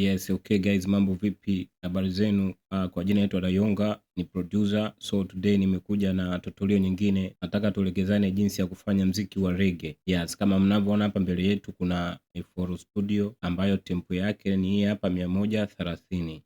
Yes, okay guys, mambo vipi? Habari zenu. Uh, kwa jina yetu Adayonga ni producer, so today nimekuja na tutorial nyingine. Nataka tuelekezane jinsi ya kufanya mziki wa rege. Yes, kama mnavyoona hapa mbele yetu kuna f Studio ambayo tempo yake ni hii hapa mia moja thelathini.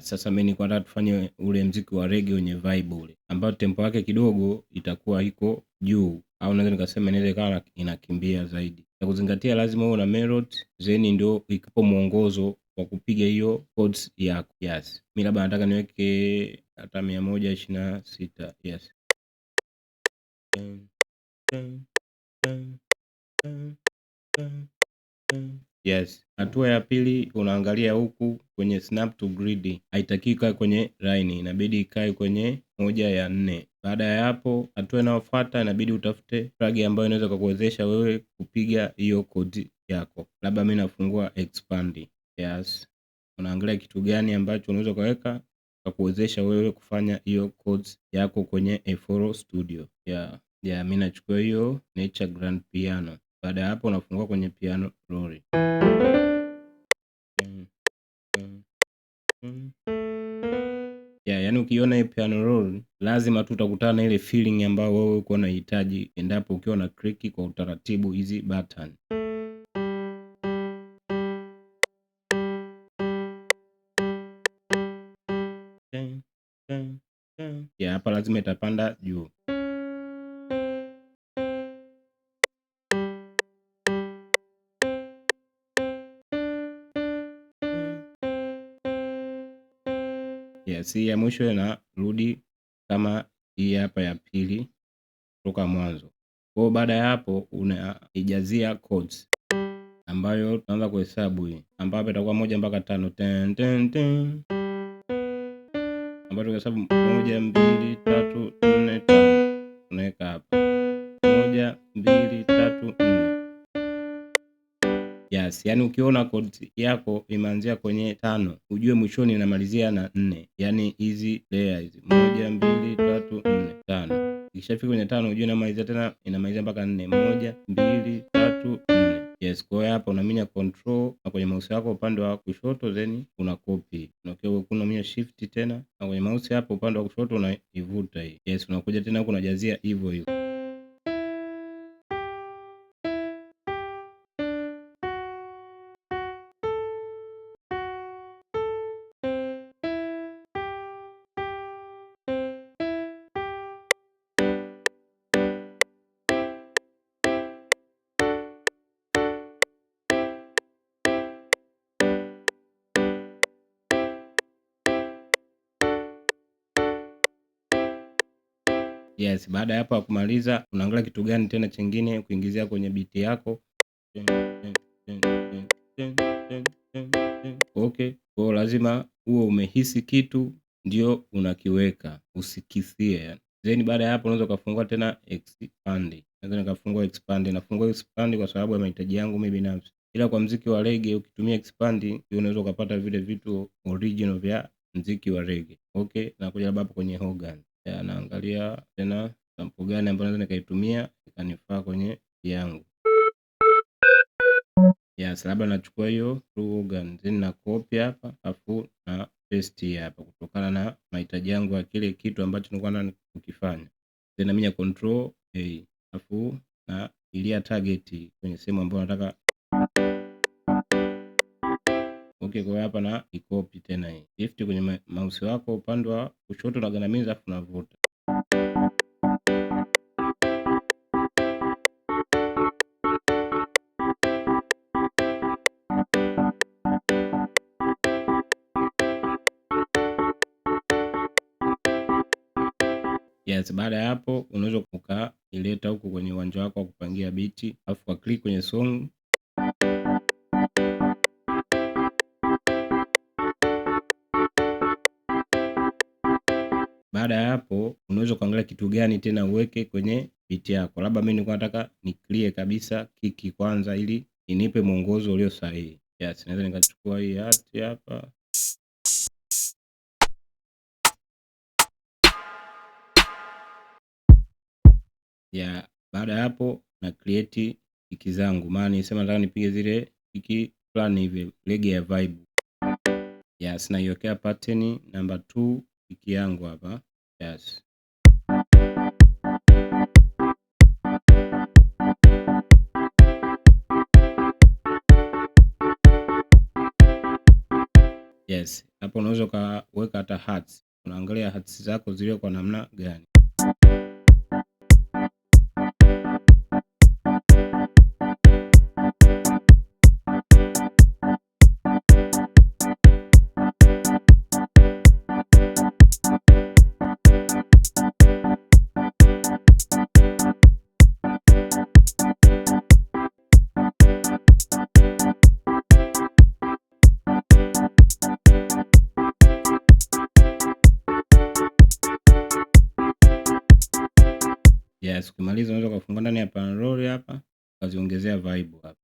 sasa mimi nataka tufanye ule mziki wa rege wenye vibe ule ambao tempo yake kidogo itakuwa iko juu au naweza nikasema inaweza ikawa inakimbia zaidi. Na kuzingatia lazima uwe na main zeni, ndio ikapo mwongozo wa kupiga hiyo codes yako. Yes, mi labda nataka niweke hata mia moja ishirini na sita. Yes. Dun, dun, dun, dun, dun, dun. Yes. Hatua ya pili unaangalia huku kwenye snap to grid haitakii ikae kwenye line, inabidi ikae kwenye moja ya nne. Baada ya hapo, hatua inayofuata inabidi utafute plug ambayo inaweza kukuwezesha wewe kupiga hiyo kodi yako. Labda mimi nafungua expand. Yes. Unaangalia kitu gani ambacho unaweza ukaweka kukuwezesha wewe kufanya hiyo codes yako kwenye FL Studio. Yeah. Yeah, mimi nachukua hiyo Nature Grand Piano. Baada ya hapo unafungua kwenye piano roll. Mm, mm, mm. Yeah, yani ukiona hii piano roll lazima tu utakutana na ile feeling ambayo wewe uko unahitaji endapo ukiwa na click kwa utaratibu hizi button. Yeah, hapa lazima itapanda juu. C ya mwisho inarudi kama hii hapa ya pili kutoka mwanzo. Kwa hiyo baada ya hapo unaijazia codes ambayo tunaanza kuhesabu hii, ambapo itakuwa moja mpaka tano, ten ten ten, ambapo tukahesabu moja, mbili, tatu, nne, tano. Unaweka hapa moja, mbili, tatu, nne kiasi. Yaani ukiona kodi yako imeanzia kwenye tano, ujue mwishoni inamalizia na nne, yaani hizi layer hizi moja, mbili, tatu, nne, tano. Ikishafika kwenye tano, ujue inamalizia tena, inamalizia mpaka nne, moja, mbili, tatu, nne. Yes, kwa hiyo hapa unaminya control na kwenye mouse yako upande wa kushoto then una copy. Unakuwa unaminya shift tena na kwenye mouse hapo upande wa kushoto unaivuta hii. Yes, unakuja tena huko unajazia hivyo hivyo. basi Baada ya ya kumaliza, unaangalia kitu gani tena chingine kuingizia kwenye biti yako. Okay, kwa lazima huo umehisi kitu ndio unakiweka, usikisie. Then baada ya hapo unaweza ukafungua tena expand. Naweza nikafungua expand, nafungua expand kwa sababu ya mahitaji yangu mimi binafsi, ila kwa mziki wa rege ukitumia expand unaweza ukapata vile vitu original vya mziki wa rege. Okay, nakuja hapo kwenye organ ya tena sampo gani ambayo naweza nikaitumia ikanifaa kwenye yangu. Yes, labda nachukua hiyo then na copy hapa afu na paste hapa kutokana na mahitaji yangu ya kile kitu ambacho nilikuwa na kukifanya. Then mimi control A afu na ilia target kwenye sehemu ambayo nataka Okay, kwa hapa na ikopi tena hii. Shift kwenye mouse wako upande wa kushoto unagandamiza, afu unavuta. Yes, baada ya hapo unaweza ukaileta huku kwenye uwanja wako wa kupangia biti, afu kwa click kwenye song baada ya hapo unaweza kuangalia kitu gani tena uweke kwenye biti yako. Labda mimi nilikuwa nataka ni clear kabisa kiki kwanza, ili inipe mwongozo ulio sahihi. Yes, naweza nikachukua hii hati hapa ya baada ya hapo na create kiki zangu, maana nilisema nataka nipige zile kiki fulani hivi lege ya vibe. Yes, naiwekea pattern namba 2 kiki yangu hapa. Yes. Yes, hapo unaweza ukaweka hata hats, unaangalia hats zako ziliyo kwa namna gani. Yes, ukimaliza unaweza ukafungua ndani ya Panroli hapa ukaziongezea vibe hapa.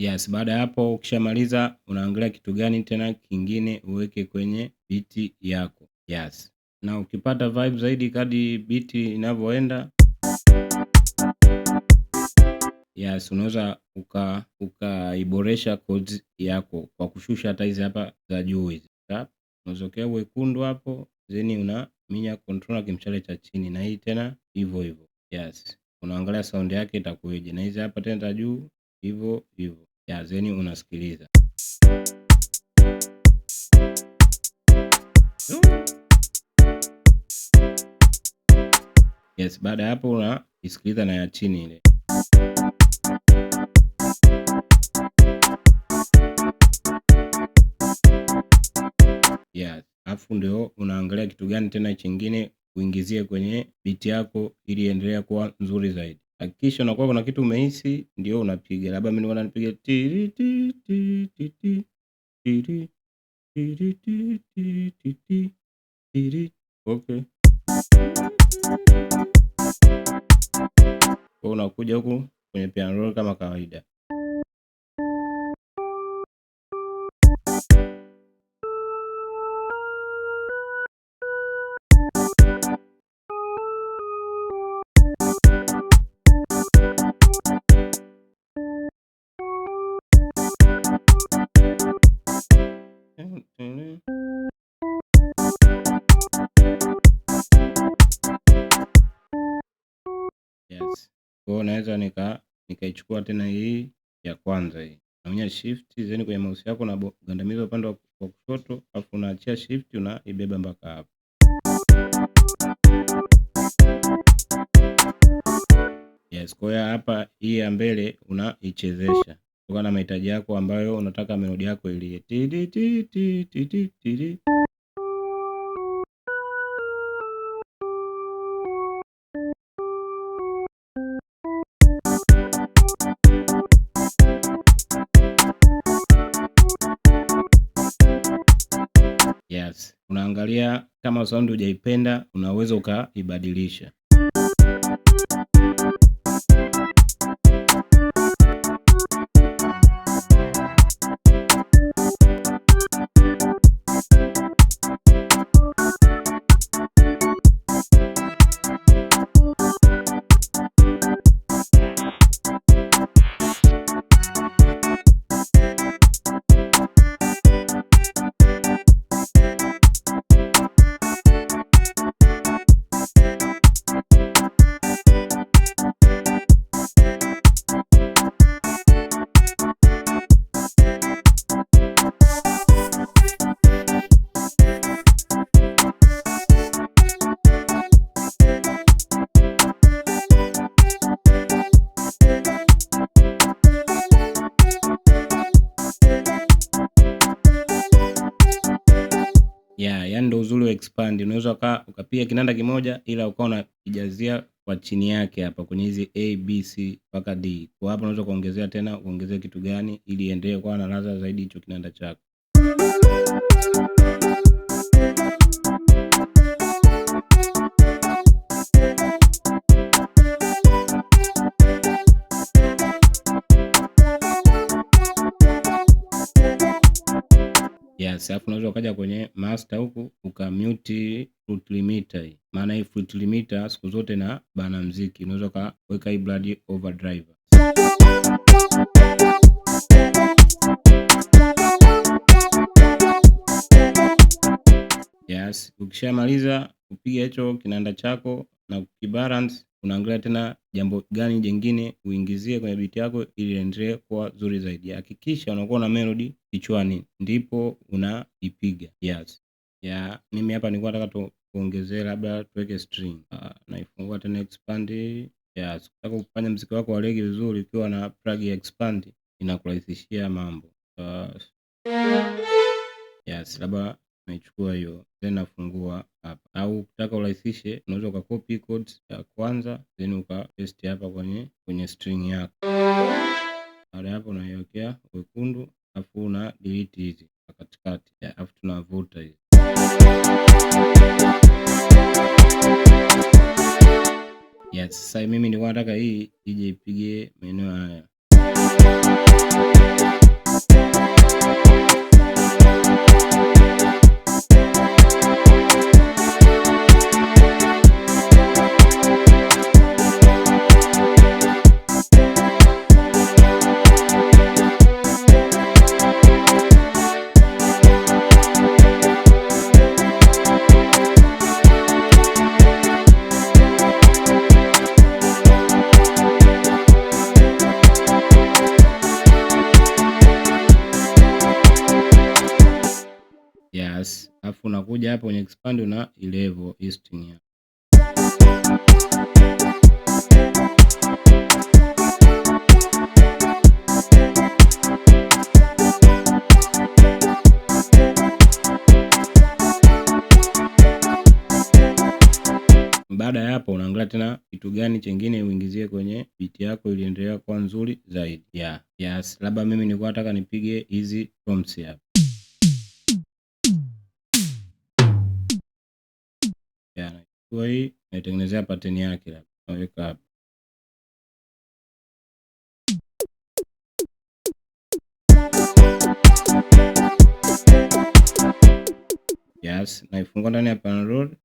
Yes, baada ya hapo ukishamaliza unaangalia kitu gani tena kingine uweke kwenye biti yako. Yes. Na ukipata vibe zaidi kadi biti inavyoenda. Yes, unaweza uka ukaiboresha codes yako kwa kushusha hata hizi hapa za juu hizi. Unazokea wekundu hapo, una unaminya controller kimshale cha chini na hii tena hivyo hivyo. Yes. Unaangalia sound yake itakuwaje na hizi hapa tena za juu hivyo hivyo ya zeni unasikiliza yes. Baada ya hapo unaisikiliza na ya chini ile yes, alafu ndio unaangalia kitu gani tena chingine uingizie kwenye biti yako ili endelea kuwa nzuri zaidi. Hakikisha unakuwa kuna kitu umehisi ndio unapiga, labda mimi nilikuwa napiga ti ti ti ti ti, ti ti ti ti ti ti, ti Okay. Kwa unakuja huku kwenye piano roll kama kawaida. naweza nika nikaichukua tena hii ya kwanza hii, naonya shift zeni kwenye mouse yako unagandamiza upande wa kushoto, afu unaachia shift unaibeba mpaka hapa. Yes, kwa hiyo hapa hii ya mbele unaichezesha kutokana na mahitaji yako ambayo unataka melodi yako ilie ukiangalia kama saundi hujaipenda, unaweza ukaibadilisha. expand, unaweza ukapiga kinanda kimoja, ila ukawa unakijazia kwa chini yake hapa kwenye hizi a b c mpaka d. Kwa hapo unaweza kuongezea tena, uongezee kitu gani ili endelee kuwa na ladha zaidi hicho kinanda chako. Yes, alafu unaweza ukaja kwenye master huku ukamute fruit limiter hii. Maana hii fruit limiter siku zote na bana mziki, unaweza ukaweka hii blood overdrive. Yes, ukishamaliza kupiga hicho kinanda chako na kibalance unaangalia tena jambo gani jengine uingizie kwenye biti yako ili iendelee kuwa zuri zaidi. Hakikisha unakuwa na melody kichwani, ndipo unaipiga. Yes. Yeah, mimi hapa nilikuwa nataka tuongezee, labda tuweke string. Uh, naifungua tena expand. Yes, kutaka kufanya mziki wako wa reggae vizuri ukiwa na plug ya expand inakurahisishia mambo. Uh, yes, labda Unaichukua hiyo then nafungua hapa, au ukitaka urahisishe unaweza ukakopi code ya kwanza then ukapaste hapa kwenye kwenye string yako. Baada hapo unaiwekea wekundu, afu una delete hizi katikati, afu tunavuta hizi Yes, sasa mimi nilikuwa nataka hii ije ipige maeneo haya. expand na ilevo listing Baada ya hapo unaangalia tena kitu gani chengine uingizie kwenye biti yako iliendelea kuwa nzuri zaidi. Yeah. Yes, labda mimi nilikuwa nataka nipige hizi prompts hapa. ya nachukua hii naitengenezea pateni yake, labda naweka hapa yes, naifungua ndani ya rule.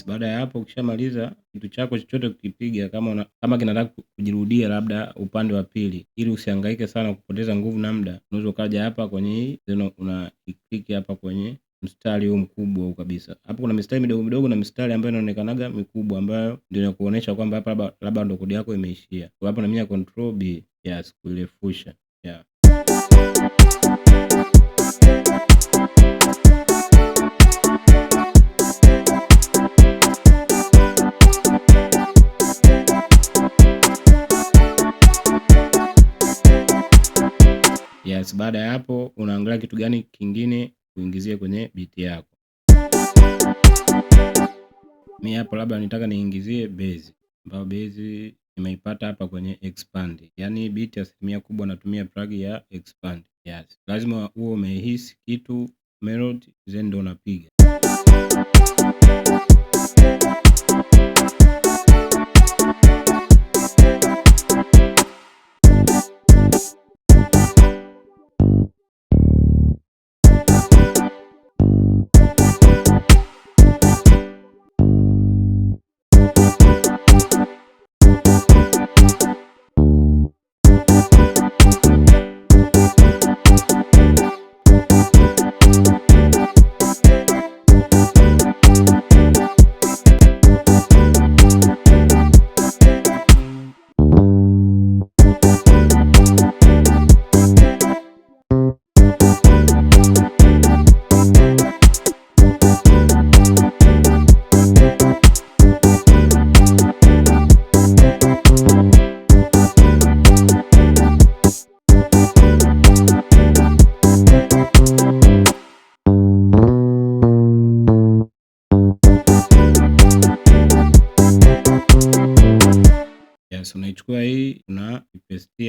basi baada ya hapo ukishamaliza kitu chako chochote kukipiga, kama una, kama kinataka kujirudia labda upande wa pili, ili usihangaike sana kupoteza nguvu na muda, unaweza ukaja hapa kwenye hii una click hapa kwenye mstari huu mkubwa huu kabisa. Hapo kuna mistari midogo midogo na mistari ambayo inaonekanaga mikubwa, ambayo ndio inakuonyesha kwamba hapa labda ndo kodi yako imeishia. Kwa hapo na mimi control B, yes kuirefusha, yeah basi baada ya hapo unaangalia kitu gani kingine kuingizia kwenye biti yako. Mi hapo labda nitaka niingizie bezi, ambayo bezi nimeipata hapa kwenye expand. Yaani biti asilimia kubwa natumia plug ya expand. Yes. Lazima uwe umehisi kitu melody then ndo unapiga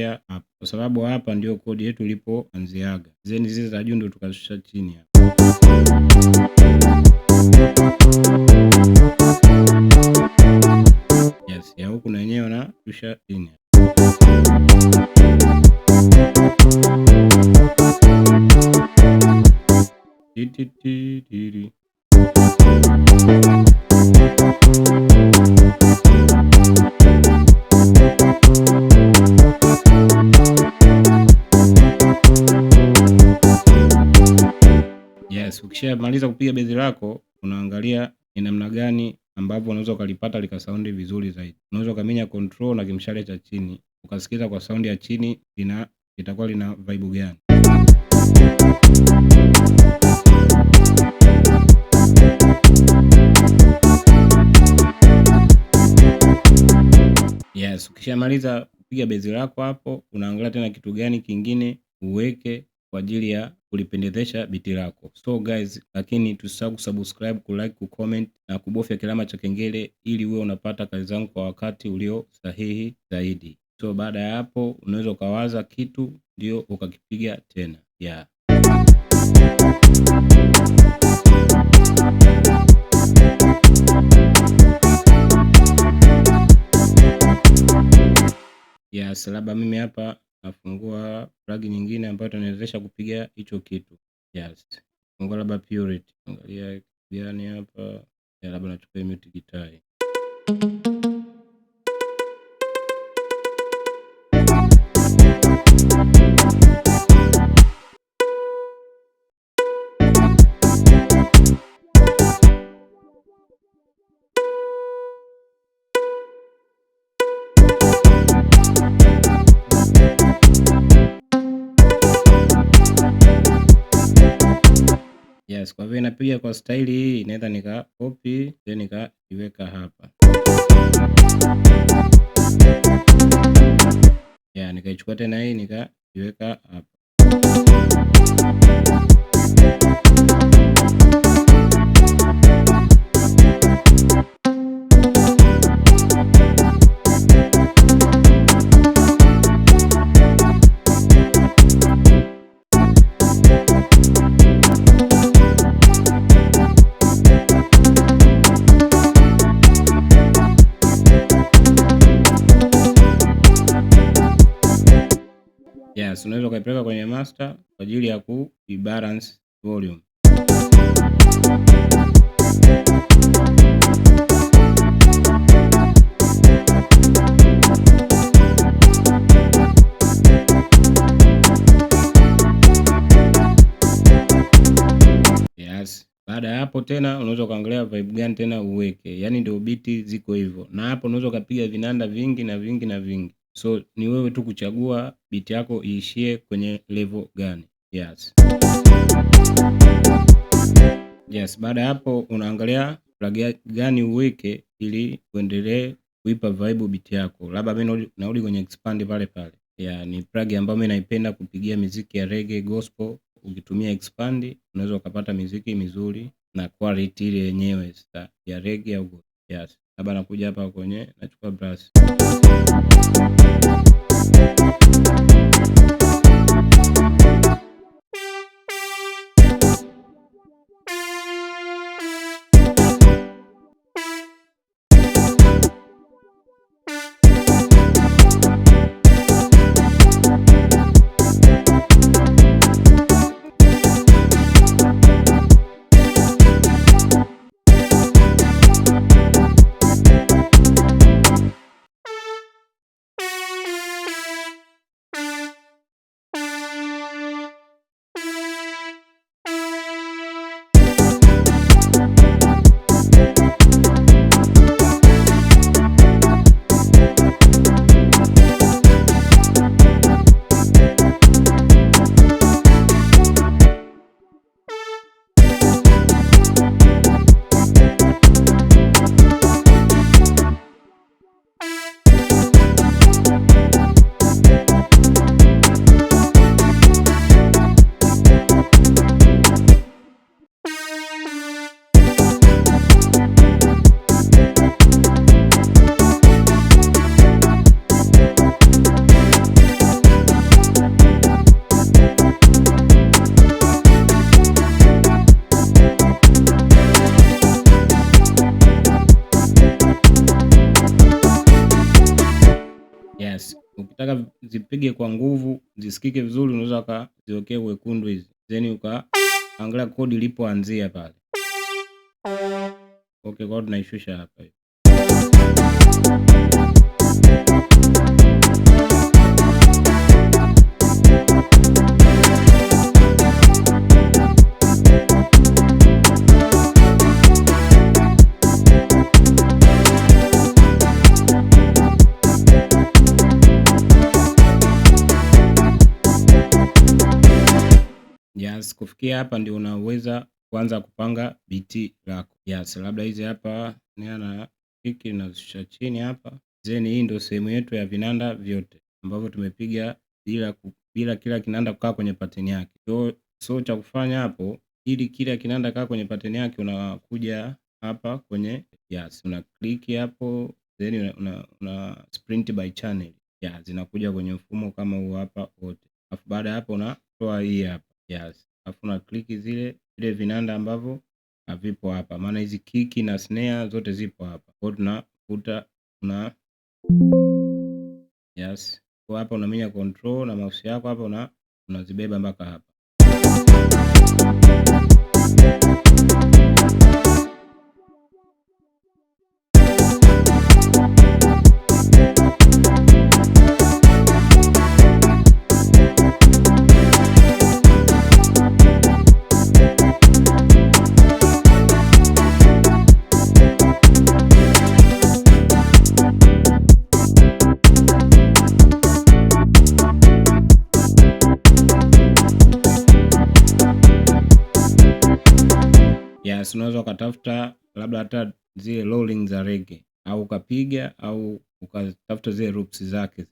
tukaanzia hapa, kwa sababu hapa ndio kodi yetu ilipoanziaga. Zeni zile za juu ndio tukashusha chini hapa. Yes, ya huku na yenyewe na shusha chini. Ukimaliza kupiga bezi lako, unaangalia ni namna gani ambavyo unaweza ukalipata likasaundi vizuri zaidi. Unaweza ukaminya control na kimshale cha chini, ukasikiza kwa saundi ya chini lina litakuwa lina vibe gani. Yes, ukishamaliza kupiga bezi lako hapo, unaangalia tena kitu gani kingine uweke kwa ajili ya kulipendezesha biti lako. So guys, lakini tusisahau kusubscribe, kulike, kucomment na kubofya kilama cha kengele ili uwe unapata kazi zangu kwa wakati ulio sahihi zaidi. So baada ya hapo unaweza ukawaza kitu ndio ukakipiga tena yeah. Yes, labda mimi hapa nafungua plug nyingine ambayo itaniwezesha kupiga hicho kitu yes. Fungua labda Purity, angalia gani hapa, labda nachukua mute gitai yes. Kwa hivyo inapiga kwa staili hii, inaweza nika copy then nikaiweka hapa ya, nikaichukua tena hii nikaiweka hapa. yes, unaweza ukaipeleka kwenye master kwa ajili ya ku balance volume. Baada ya hapo tena unaweza ukaangalia vibe gani tena uweke, yaani ndio biti ziko hivyo, na hapo unaweza ukapiga vinanda vingi na vingi na vingi. So ni wewe tu kuchagua beat yako iishie kwenye level gani. Yes. Yes, baada ya hapo unaangalia plug gani uweke ili uendelee kuipa vibe beat yako. Labda mimi narudi kwenye expand pale pale. Yeah, ni plug ambayo mimi naipenda kupigia miziki ya reggae, gospel. Ukitumia expand unaweza ukapata miziki mizuri na quality ile yenyewe ya reggae au yes labda nakuja hapa kwenye nachukua brush. Ukitaka zipige kwa nguvu zisikike vizuri, unaweza ukaziwekea wekundu hizi, then ukaangalia kodi ilipoanzia pale. Okay, kwao tunaishusha hapa Kufikia hapa ndio unaweza kuanza kupanga biti lako. Yes, labda hizi hapa na hiki nazishusha chini hapa. Zeni, hii ndio sehemu yetu ya vinanda vyote ambavyo tumepiga bila bila kila kinanda kukaa kwenye pateni yake. So, so cha kufanya hapo ili kila kinanda kaa kwenye pateni yake, unakuja hapa kwenye yes, una click hapo then una, una sprint by channel ya yes, zinakuja kwenye mfumo kama huu hapa wote, afu baada ya hapo unatoa hii hapa yes alafu na kliki zile vile vinanda ambavyo havipo hapa, maana hizi kiki na snare zote zipo hapa. Kwa hiyo tunafuta una yes, kwa hapa unaminya control na mouse yako hapa una unazibeba mpaka hapa. basi unaweza ukatafuta labda hata zile rolling za rege au ukapiga au ukatafuta zile loops zake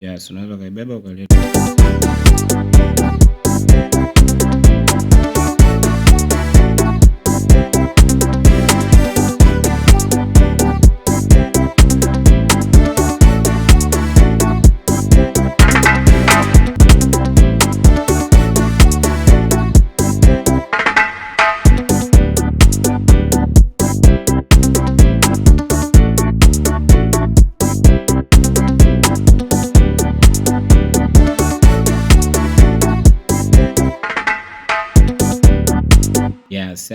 yes, unaweza ukaibeba ukaleta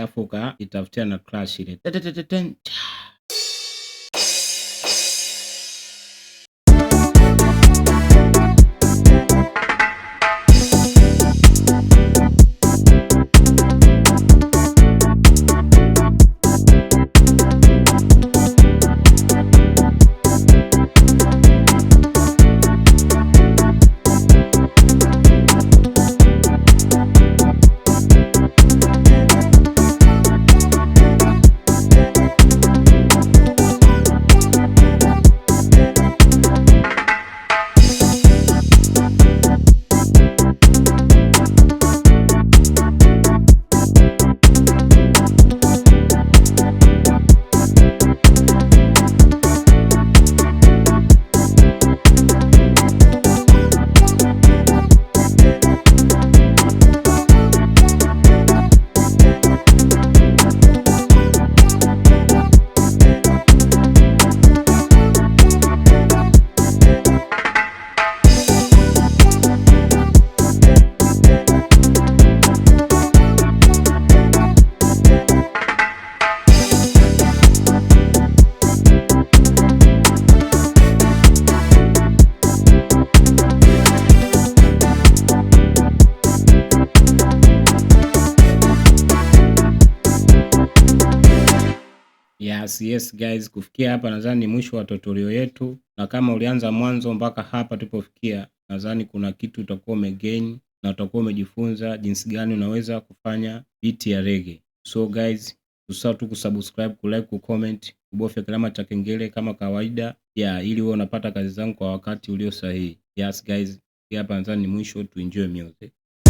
alafu ukaitafutia na crash ile yes guys, kufikia hapa nadhani ni mwisho wa tutorial yetu, na kama ulianza mwanzo mpaka hapa tulipofikia, nadhani kuna kitu utakuwa umegain na utakuwa umejifunza jinsi gani unaweza kufanya beat ya reggae. So guys, usisahau tu kusubscribe, kulike, kucomment, kubofya kalama cha kengele kama kawaida ya yeah, ili wewe unapata kazi zangu kwa wakati ulio sahihi. Yes guys, hapa nadhani ni mwisho, tuenjoy music.